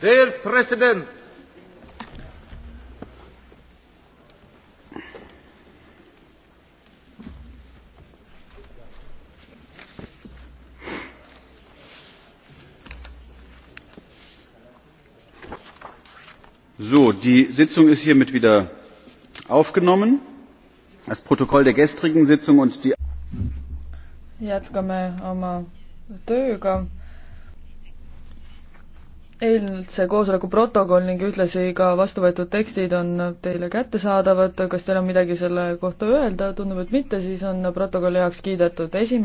Dear President, So, die Sitzung ist hiermit wieder aufgenommen. Das Protokoll der gestrigen Sitzung und die Jätkame oma tööga eilse koosoleku protokoll ning ühtlasi ka vastu võetud tekstid on teile kättesaadavad, kas teil on midagi selle kohta öelda, tundub, et mitte, siis on protokoll heaks kiidetud. esimene